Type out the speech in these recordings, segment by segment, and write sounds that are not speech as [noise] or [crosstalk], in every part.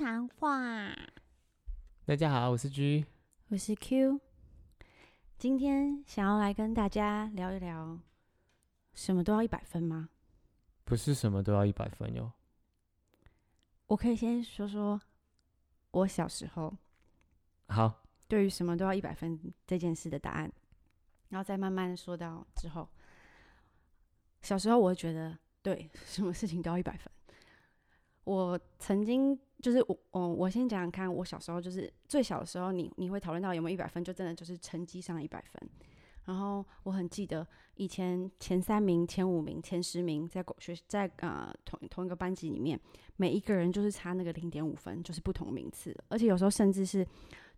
談話，大家好，我是 G，我是 Q，今天想要來跟大家聊一聊，什麼都要一百分嗎？不是，什麼都要一百分喲、哦。我可以先說說我小時候，好，對於什麼都要一百分這件事的答案，然後再慢慢的說到之後，小時候我會覺得對，什麼事情都要一百分，我曾經。就是我，我、哦、我先講講看，我小時候就是最小的時候你，你你會討論到有沒有一百分，就真的就是成績上一百分。然後我很記得以前前三名、前五名、前十名在，在學在啊同同一個班級裡面，每一個人就是差那個零點五分，就是不同名次，而且有時候甚至是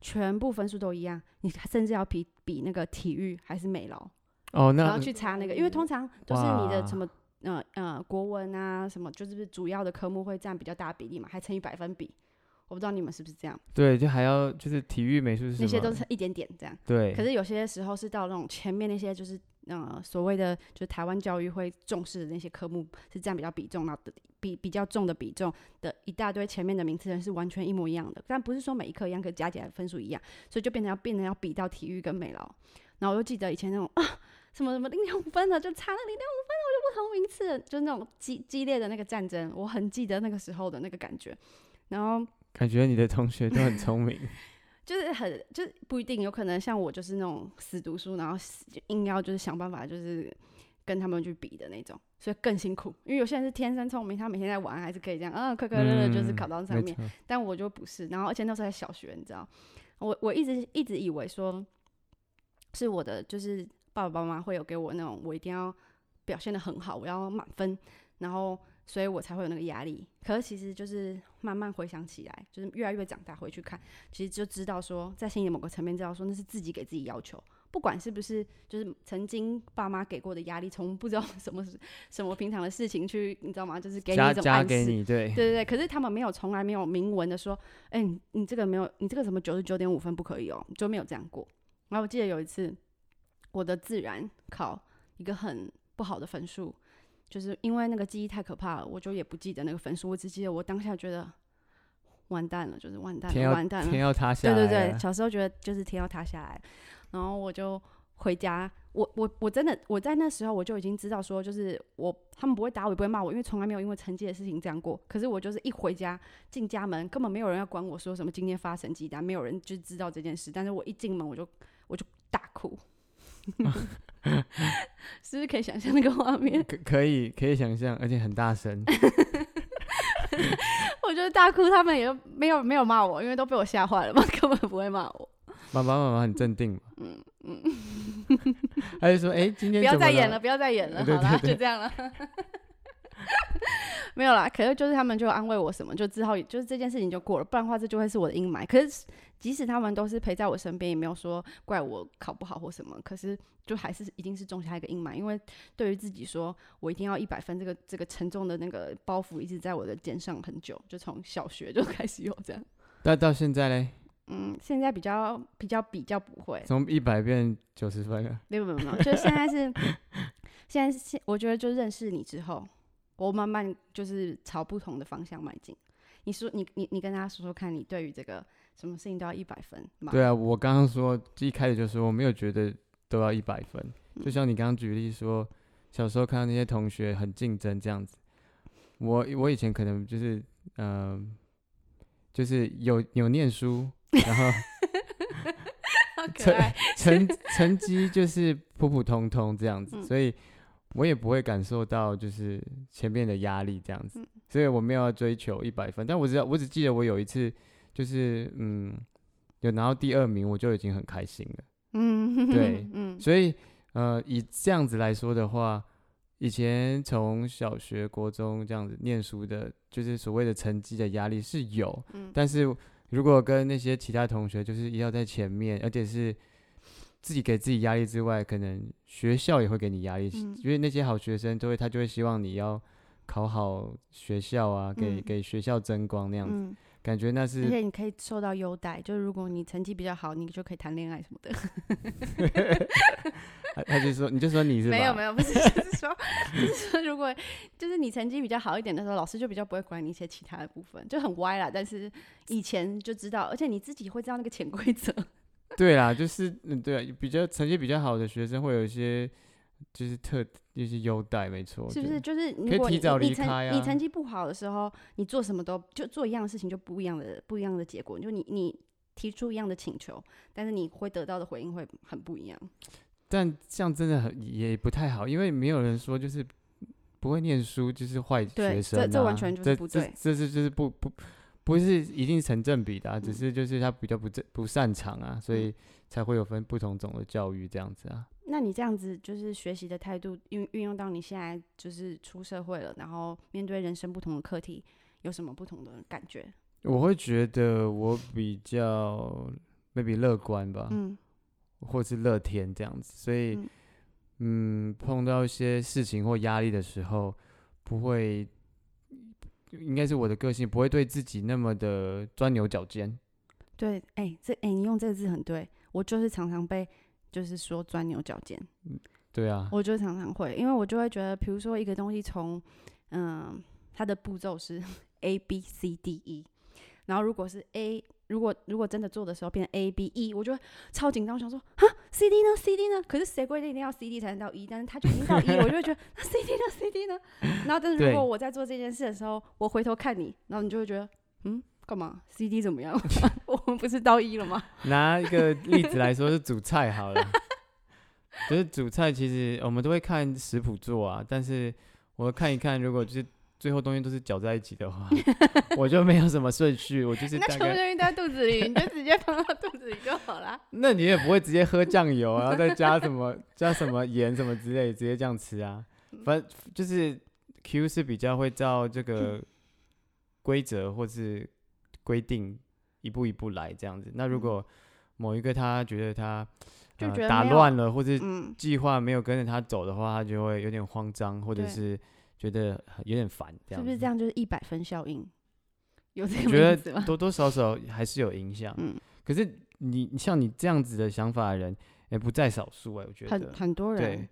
全部分數都一樣，你甚至要比比那個體育還是美勞哦，然後去差那個，因為通常就是你的什麼。呃呃，國文啊，什麼就是主要的科目會佔比較大比例嘛，還乘以百分比，我不知道你們是不是這樣？對，就還要就是體育美術那些都是一點點這樣。對。可是有些時候是到那種前面那些就是呃所謂的就是台灣教育會重視的那些科目是佔比較比重然後，比比較重的比重的一大堆前面的名次人是完全一模一樣的，但不是說每一科一樣，可加起來分數一樣，所以就變成要變成要比到體育跟美勞。然後我就記得以前那種啊，什麼什麼零點五分的就差了零點五分了。同名次，就是那種激激烈的那個戰爭，我很記得那個時候的那個感覺。然後感覺你的同學都很聰明， [laughs] 就是很就是不一定，有可能像我就是那種死讀書，然後死硬要就是想辦法就是跟他們去比的那種，所以更辛苦。因為有些人是天生聰明，他每天在玩還是可以這樣啊，快快樂樂就是考到上面。嗯、但我就不是，然後而且那時候在小學，你知道，我我一直一直以為說是我的就是爸爸媽媽會有給我那種我一定要表現得很好，我要滿分，然後所以我才會有那個壓力。可是其實就是慢慢回想起來，就是越來越長大回去看，其實就知道說，在心裡某個層面知道說那是自己給自己要求，不管是不是就是曾經爸媽給過的壓力，從不知道什麼什麼平常的事情去，你知道嗎？就是給你一種暗示，對，對對對，可是他們沒有從來沒有明文的說，哎，你這個沒有，你這個什麼九十九點五分不可以哦，就沒有這樣過。然後我記得有一次我的自然考一個很不好的分數，就是因為那個記憶太可怕了，我就也不記得那個分數，我只記得我當下覺得完蛋了，就是完蛋了，要完蛋了，天要塌下來。對對對，小時候覺得就是天要塌下來，然後我就回家，我我我真的我在那時候我就已經知道說，就是我他們不會打我，也不會罵我，因為從來沒有因為成績的事情這樣過。可是我就是一回家進家門，根本沒有人要管我說什麼今天發成績單，沒有人就知道這件事。但是我一進門，我就我就大哭。 [laughs] [laughs] 是不是可以想象那個畫面？可，可以可以想象，而且很大聲。 [laughs] 我覺得大哭，他們也沒有沒有罵我，因為都被我嚇壞了嘛，根本不會罵我。爸爸媽媽，很鎮定嘛。嗯嗯。嗯 [laughs] 還有說，哎、欸，今天不要再演了，不要再演了， [laughs] 對對對好啦，就這樣了。 [laughs] 沒有啦，可是就是他們就安慰我什麼，就之後就是這件事情就過了，不然的話，這就會是我的陰霾。可是即使他們都是陪在我身邊，也沒有說怪我考不好或什麼。可是就還是一定是種下一個陰霾，因為對於自己說我一定要一百分，這個這個沉重的那個包袱一直在我的肩上很久，就從小學就開始有這樣。那到現在嘞？嗯，現在比較比較比較不會，從一百變九十分了。沒有沒有，沒有，就現在是 [laughs] 現在是，我覺得就認識你之後。我慢慢就是朝不同的方向邁進。你說，你你你跟他說說看，你對於這個什麼事情都要一百分嗎？對啊，我剛剛說一開始就說我沒有覺得都要一百分。嗯、就像你剛剛舉例說，小時候看到那些同學很競爭這樣子，我我以前可能就是嗯、呃，就是有有念書， [laughs] 然後 [laughs] 好可愛成成績就是普普通通這樣子，嗯、所以。我也不會感受到就是前面的壓力這樣子，所以我沒有要追求一百分。但我只要我只記得我有一次就是嗯，有拿到第二名，我就已經很開心了。嗯，對，嗯，所以呃，以這樣子來說的話，以前從小學、國中這樣子念書的，就是所謂的成績的壓力是有。嗯，但是如果跟那些其他同學就是一定要在前面，而且是。自己給自己壓力之外，可能學校也會給你壓力，嗯、因為那些好學生都會，他就會希望你要考好學校啊，嗯、給給學校爭光那樣子，嗯、感覺那是，而且你可以受到優待，就如果你成績比較好，你就可以談戀愛什麼的。 [laughs] 他就說你就說你是吧？沒有，沒有，不是，就是說 [laughs] 就是說如果就是你成績比較好一點的時候，老師就比較不會管你一些其他的部分，就很歪啦。但是以前就知道，而且你自己會知道那個潛規則。 [laughs] 對啦，就是嗯，對啊，比較成績比較好的學生會有一些，就是特就是優待，沒錯。是不是就，就是你，可以提早離開、啊、你，你，成你成績不好的時候，你做什麼都就做一樣的事情，就不一樣的不一樣的結果。就你你提出一樣的請求，但是你會得到的回應會很不一樣。但這樣真的很也不太好，因為沒有人說就是不會念書就是壞學生。啊對，這這完全就是不對，這是就是不不。不是一定成正比的啊，嗯，只是就是他比較不正，不擅長啊所以才會有分不同種的教育這樣子啊。那你這樣子就是學習的態度運運用到你現在就是出社會了，然後面對人生不同的課題，有什麼不同的感覺？我會覺得我比較 maybe 樂 [laughs] 觀吧，嗯，或是樂天這樣子，所以嗯，嗯，碰到一些事情或壓力的時候，不會。應該是我的個性，不會對自己那麼的鑽牛角尖。對，哎、欸，這哎、欸，你用這個字很對，我就是常常被，就是說鑽牛角尖。嗯，對啊，我就常常會，因為我就會覺得，比如說一個東西從，嗯、呃，它的步驟是 A B C D E，然後如果是 A，如果如果真的做的時候變成 A B E，我就會超緊張，我想說，哈。C D 呢？C D 呢？可是誰規定一定要 C D 才能到一？但是他就已經到一， [laughs] 我就會覺得那 C D 呢？C D 呢？然後但是如果我在做這件事的時候，對我回頭看你，然後你就會覺得嗯，幹嘛？C D 怎麼樣？ [laughs] [laughs] 我們不是到一了嗎？拿一個例子來說，是煮菜好了。 [laughs] 就是煮菜，其實我們都會看食譜做啊。但是我看一看，如果就是。最後東西都是攪在一起的話， [laughs] 我就沒有什麼順序。 [laughs] 我就是那東西在肚子裡，你就直接放到肚子裡就好了。那你也不會直接喝醬油，啊， [laughs] 然後再加什麼 [laughs] 加什麼鹽什麼之類，直接這樣吃啊？反正就是 Q 是比較會照這個規則或是規定一步一步來這樣子。那如果某一個他覺得他打亂了，或是計劃沒有跟着他走的話，嗯、他就會有點慌張，或者是。覺得有點煩，這樣是不是這樣就是一百分效應？有這個意思嗎？我覺得多多少少還是有影響。 [laughs] 嗯，可是你像你這樣子的想法的人，也不在少數哎，我覺得很很多人對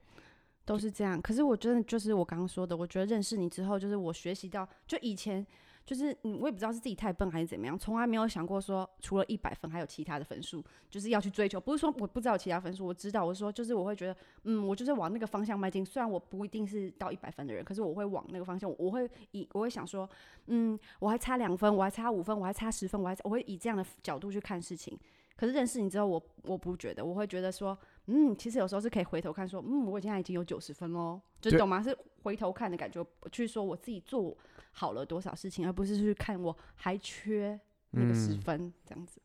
都是這樣。可是我覺得就是我剛剛說的，我覺得認識你之後，就是我學習到，就以前。就是嗯，我也不知道是自己太笨還是怎麼樣，從來沒有想過說，除了一百分還有其他的分數，就是要去追求。不是說我不知道其他分數，我知道，我說就是我會覺得，嗯，我就是往那個方向邁進。雖然我不一定是到一百分的人，可是我會往那個方向，我會以，我會想說，嗯，我還差兩分，我還差五分，我還差十分，我還我會以這樣的角度去看事情。可是認識你之後，我我不覺得，我會覺得說。嗯，其實有時候是可以回頭看，說，嗯，我現在已經有九十分嘍，就懂嗎？對是回頭看的感覺，去說我自己做好了多少事情，而不是去看我還缺那個十分、嗯、這樣子。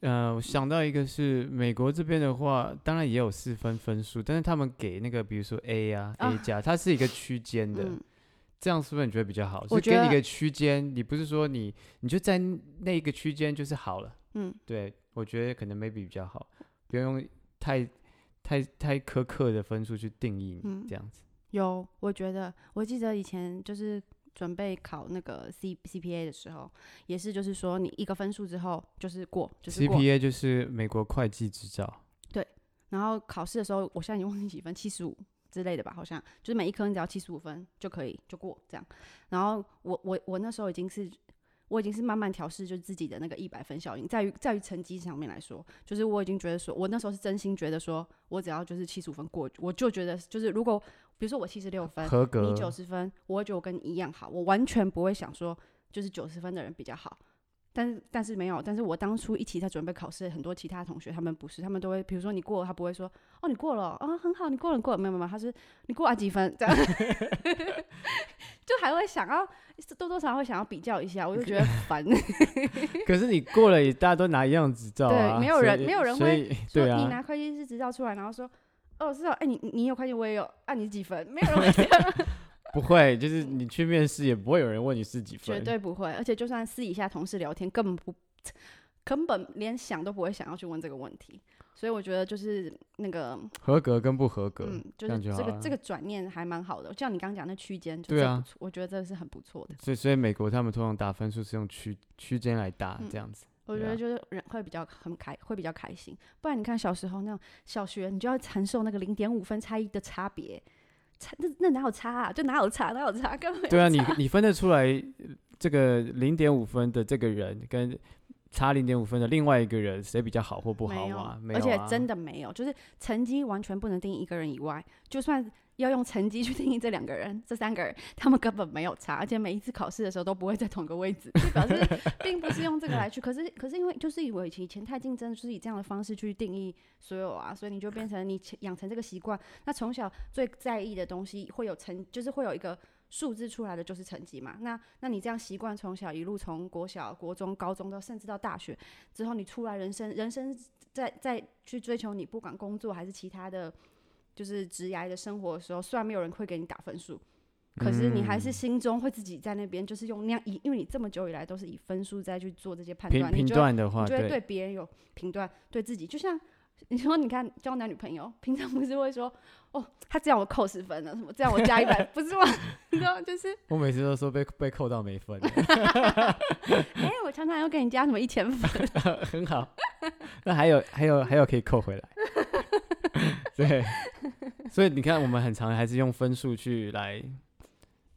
呃，我想到一個是，是美國這邊的話，當然也有四分分數，但是他們給那個，比如說 A 啊，啊 A 加，它是一個區間的，嗯、這樣是不是你覺得比較好？我覺得給你一個區間，你不是說你，你就在那個區間就是好了。嗯，對，我覺得可能 maybe 比較好，不用太。太太苛刻的分數去定義你，嗯，這樣子，有我覺得，我記得以前就是準備考那個 C C P A 的時候，也是就是說你一個分數之後就是過，就是 C P A 就是美國會計執照，對。然後考試的時候，我現在已經忘記幾分七十五之類的吧，好像就是每一科你只要七十五分就可以就過這樣。然後我我我那時候已經是。我已經是慢慢調試，就是自己的那個一百分效應，在於在於成績上面來說，就是我已經覺得說，我那時候是真心覺得說，我只要就是七十五分過，我就覺得就是如果比如說我七十六分，合格。你九十分，我會覺得我跟你一樣好，我完全不會想說就是九十分的人比較好。但是但是沒有，但是我當初一起在準備考試，很多其他同學他們不是，他們都會比如說你過，他不會說哦你過了啊、哦、很好，你過了你過了沒有沒有，沒有，他說你過了幾分這樣。 [laughs] 就還會想要多多少少會想要比較一下，我就覺得煩。 [laughs] 可是你過了，大家都拿一樣執照、啊，對，沒有人，以沒有人會說你拿會計師執照出來，啊、然後說哦是哦，哎、欸、你你有會計，我也有，啊你是幾分？沒有人會這樣 [laughs] 不會，就是你去面試也不會有人問你是幾分，嗯、絕對不會。而且就算私底下同事聊天，根本不根本連想都不會想要去問這個問題。所以我覺得就是那個合格跟不合格，嗯，就是這個這，這個轉念還蠻好的，就像你剛剛講那區間，對啊，我覺得這是很不錯的。所以所以美國他們通常打分數是用區區間來打這樣子。嗯啊，我覺得就是人會比較很開，會比較開心。不然你看小時候那種小學，你就要承受那個零點五分差異的差別，差那那哪有差啊？就哪有差？哪有差？根本對啊，你你分得出來這個零點五分的這個人跟差零點五分的另外一個人，誰比較好或不好嗎、啊？沒有啊，而且真的沒有，就是成績完全不能定義一個人以外，就算要用成績去定義這兩個人、這三個人，他們根本沒有差，而且每一次考試的時候都不會在同一個位置，就表示並不是用這個來去。 [laughs] 可是，可是因為就是以我以前太競爭，就是以這樣的方式去定義所有啊，所以你就變成你養成這個習慣，那從小最在意的東西會有成，就是會有一個。數字出來的就是成績嘛？那，那你這樣習慣從小一路從國小、國中、高中，到甚至到大學之後，你出來人生人生在在去追求你不管工作還是其他的，就是職涯的生活的時候，雖然沒有人會給你打分數，可是你還是心中會自己在那邊就是用那樣以，因為你這麼久以來都是以分數在去做這些判斷，你就會對你就會對別人有評斷，對自己就像。你說，你看交男女朋友，平常不是會說，哦，他這樣我扣十分了，什麼這樣我加一百， [laughs] 不是嗎？你知道，就是我每次都說被被扣到沒分。哎、 [laughs] [laughs] 欸，我常常要給你加什麼一千分， [laughs] 很好，那還有還有還有可以扣回來。 [laughs] 對，所以你看，我們很常還是用分數去來，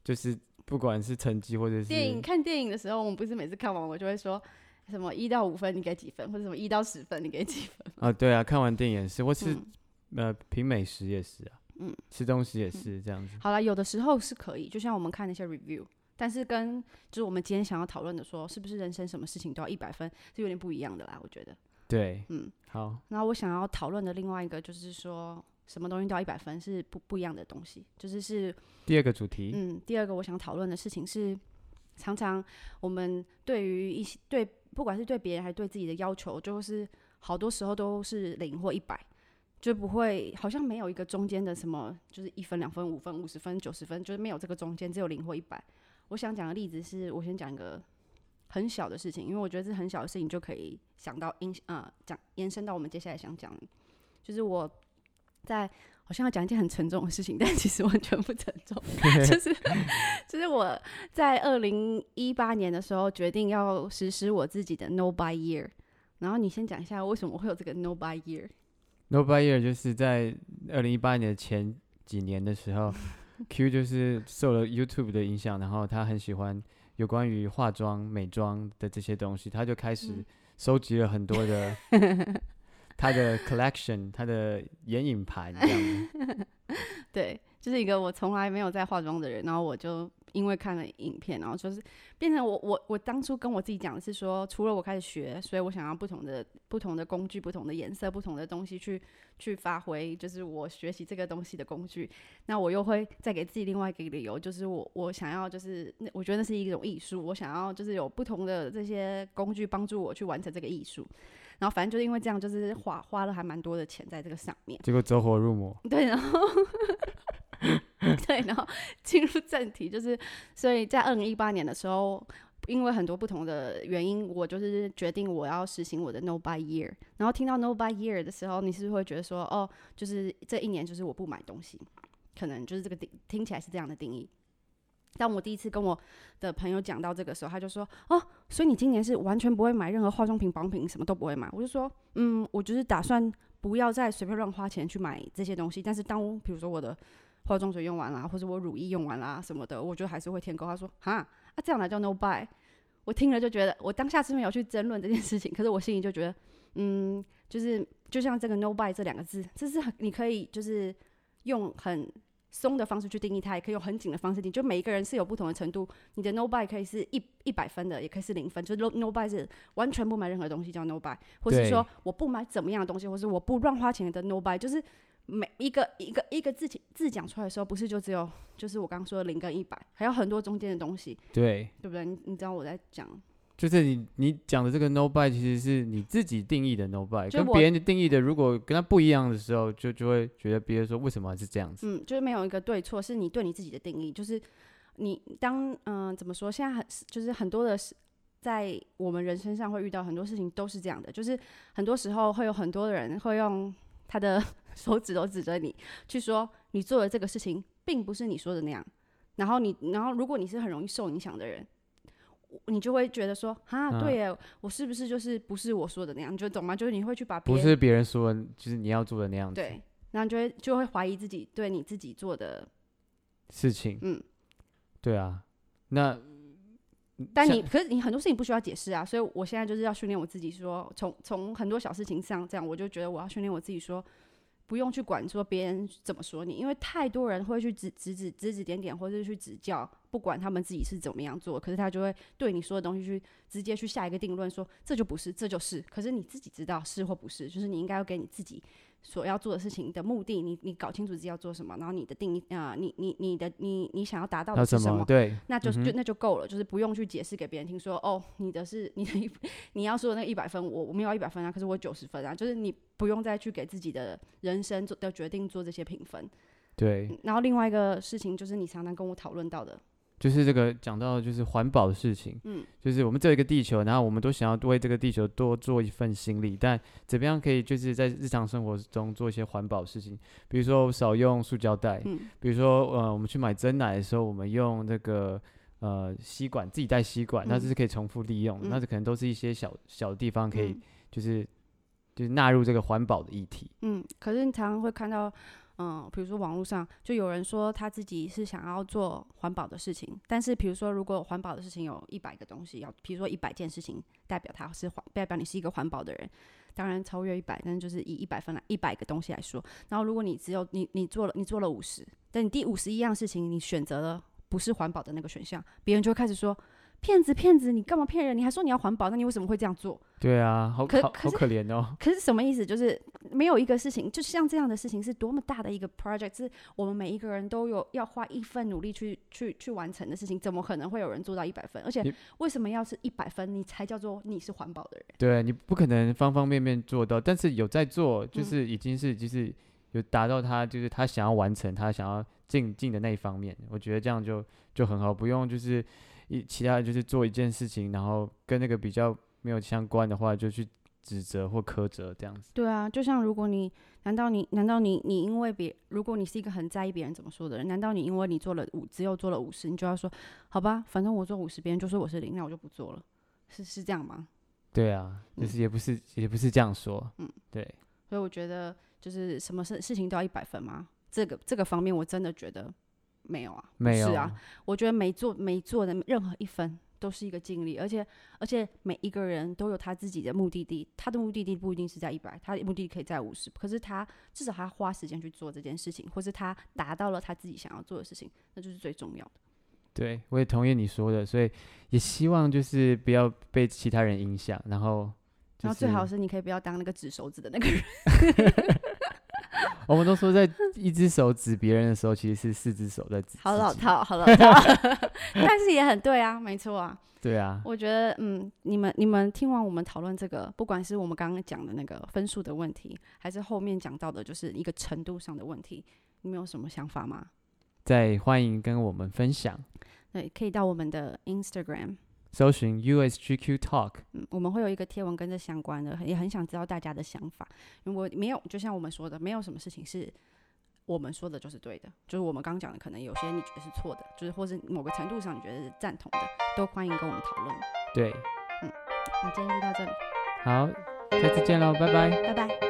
就是不管是成績或者是電影看電影的時候，我們不是每次看完我就會說。什麼一到五分你給幾分，或者什麼一到十分你給幾分？啊，對啊，看完電影是，或是、嗯、呃品美食也是啊，嗯，吃東西也是、嗯、這樣子。好啦，有的時候是可以，就像我們看那些 review，但是跟就是我們今天想要討論的說，說是不是人生什麼事情都要一百分，是有點不一樣的啦，我覺得。對，嗯，好。那我想要討論的另外一個就是說，什麼東西都要一百分是不不一樣的東西，就是是第二個主題。嗯，第二個我想討論的事情是，常常我們對於一些對。不管是對別人還對自己的要求，就是好多時候都是零或一百，就不會好像沒有一個中間的什麼，就是一分兩分五分五十分九十分，就是沒有這個中間，只有零或一百。我想講的例子是我先講一個很小的事情，因為我覺得這很小的事情就可以想到因呃講延伸到我們接下來想講，就是我在。好像要講一件很沉重的事情，但其實我完全不沉重。 [laughs] 就是，就是我在二零一八年的時候決定要實施我自己的 No Buy Year。然後你先講一下為什麼我會有這個 No Buy Year。No Buy Year 就是在二零一八年的前幾年的時候 [laughs] ，Q 就是受了 YouTube 的影響，然後他很喜歡有關於化妝、美妝的這些東西，他就開始收集了很多的。 [laughs] 他的 collection，他的眼影盤，這樣子。 [laughs] 對，就是一個我從來沒有在化妝的人，然後我就因為看了影片，然後就是變成我我我當初跟我自己講的是說，除了我開始學，所以我想要不同的不同的工具、不同的顏色、不同的東西去去發揮，就是我學習這個東西的工具。那我又會再給自己另外一個理由，就是我我想要就是，我覺得那是一種藝術，我想要就是有不同的這些工具幫助我去完成這個藝術。然後反正就是因為這樣，就是花花了，還蠻多的錢在這個上面，結果走火入魔。對，然後， [laughs] [laughs] 對，然後進入正題，就是所以在二零一八年的時候，因為很多不同的原因，我就是決定我要實行我的 No Buy Year。然後聽到 No Buy Year 的時候，你是不是會覺得說，哦，就是這一年就是我不買東西，可能就是這個定聽起來是這樣的定義。當我第一次跟我的朋友講到這個時候，他就說：“哦，所以你今年是完全不會買任何化妝品、保養品，什麼都不會買。”我就說：“嗯，我就是打算不要再隨便亂花錢去買這些東西。但是當比如說我的化妝水用完啦，或者我乳液用完啦什麼的，我就還是會添購。”他說：“哈，啊，這樣才叫 no buy。”我聽了就覺得，我當下是沒有去爭論這件事情，可是我心裡就覺得，嗯，就是就像這個 no buy 這兩個字，就是你可以就是用很鬆的方式去定義它，也可以用很緊的方式定。就每一個人是有不同的程度。你的 no buy 可以是一一百分的，也可以是零分。就是 no no buy 是完全不買任何東西叫 no buy，或是說我不買怎麼樣的東西，對 或是我不亂花錢的 no buy。Bu y, 就是每一個一個一個字體字講出來的時候，不是就只有就是我剛剛說的零跟一百，還有很多中間的東西。對，對不對？你你知道我在講。就是你你講的這個 nobody，其實是你自己定義的 nobody，跟別人的定義的，如果跟他不一樣的時候，嗯、就就會覺得別人說為什麼是這樣子？嗯，就是沒有一個對錯，是你對你自己的定義。就是你當嗯、呃、怎麼說？現在很就是很多的事，在我們人生上會遇到很多事情都是這樣的。就是很多時候會有很多的人會用他的手指頭指着你，去說你做的這個事情並不是你說的那樣。然後你然後如果你是很容易受影響的人。你就會覺得說蛤，對耶，我是不是就是不是我說的那樣？啊、你就懂嗎？就是你會去把不是別人說的，就是你要做的那樣子。對，然後就會就會懷疑自己，對你自己做的事情。嗯，對啊。那、嗯、但你像可是你很多事情不需要解釋啊，所以我現在就是要訓練我自己說，說從從很多小事情上這樣，我就覺得我要訓練我自己說。不用去管說別人怎麼說你，因為太多人會去指指指指，指指點點，或者去指教，不管他們自己是怎麼樣做，可是他就會對你說的東西去直接去下一個定論，說這就不是，這就是。可是你自己知道是或不是，就是你應該要給你自己，所要做的事情的目的，你你搞清楚自己要做什麼，然後你的定義啊、呃，你你你的你你想要達到的是什麼？要什麼？對，那就就那就夠了，就是不用去解釋給別人聽說，說哦，你的是你的一，你要說的那個一百分，我我沒有要一百分啊，可是我九十分啊，就是你不用再去給自己的人生做的決定做這些評分。對。然後另外一個事情就是你常常跟我討論到的。就是這個講到就是環保的事情，嗯，就是我們只有一個地球，然後我們都想要為這個地球多做一份心力，但怎麼樣可以就是在日常生活中做一些環保的事情，比如說少用塑膠袋，嗯、比如說呃我們去買珍奶的時候，我們用這個呃吸管自己帶吸管，吸管嗯、那是可以重複利用，嗯、那這可能都是一些小小的地方可以就是、嗯、就是納入這個環保的議題，嗯，可是你常常會看到。嗯，比如說網絡上就有人說他自己是想要做環保的事情，但是比如說如果環保的事情有一百個東西要，比如說一百件事情代表他是環，代表你是一個環保的人，當然超越一百，但是就是以一百分來一百個東西來說，然後如果你只有你你做了你做了五十，但你第五十一樣事情你選擇了不是環保的那個選項，別人就開始說。騙子，騙子！你幹嘛騙人？你還說你要環保，那你為什麼會這樣做？對啊，好，好可，可好，好可憐哦。可是什麼意思？就是沒有一個事情，就像這樣的事情，是多麼大的一個 project，是我們每一個人都有要花一份努力去去去完成的事情，怎麼可能會有人做到一百分？而且為什麼要是一百分，你，你才叫做你是環保的人？對你不可能方方面面做到，但是有在做，就是已經是就是有達到他，就是他想要完成，他想要。進進的那一方面，我覺得這樣就就很好，不用就是一其他的就是做一件事情，然後跟那個比較沒有相關的話，就去指責或苛責這樣子。對啊，就像如果你難道你難道你你因為別，如果你是一個很在意別人怎麼說的人，難道你因為你做了五只有做了五十，你就要說好吧，反正我做五十別人就說我是零，那我就不做了，是是這樣嗎？對啊，就是也不是也不是這樣說，嗯，對。所以我覺得就是什麼事事情都要一百分嗎？這個這個方面我真的覺得沒有啊，沒有是啊，我覺得每做每做的任何一分都是一個盡力，而且而且每一個人都有他自己的目的地，他的目的地不一定是在一百，他的目的可以在五十，可是他至少他花時間去做這件事情，或是他達到了他自己想要做的事情，那就是最重要的。對，我也同意你說的，所以也希望就是不要被其他人影響，然後、就是、然後最好是你可以不要當那個指手指的那個人。 [laughs] [laughs] 我們都說，在一隻手指別人的時候，其實是四隻手在指。好老套，好老套， [laughs] [laughs] 但是也很對啊，沒錯啊。對啊。我覺得，嗯，你們你們聽完我們討論這個，不管是我們剛剛講的那個分數的問題，還是後面講到的就是一個程度上的問題，你們有什麼想法嗎？在歡迎跟我們分享。對，可以到我們的 Instagram。搜尋 USGQ Talk。嗯，我們會有一個貼文跟這相關的，也很想知道大家的想法。如果沒有，就像我們說的，沒有什麼事情是我們說的就是對的，就是我們剛講的，可能有些你覺得是錯的，就是或是某個程度上你覺得是贊同的，都歡迎跟我們討論。對，嗯，那今天就到這裡。好，下次見嘍，拜拜，拜拜。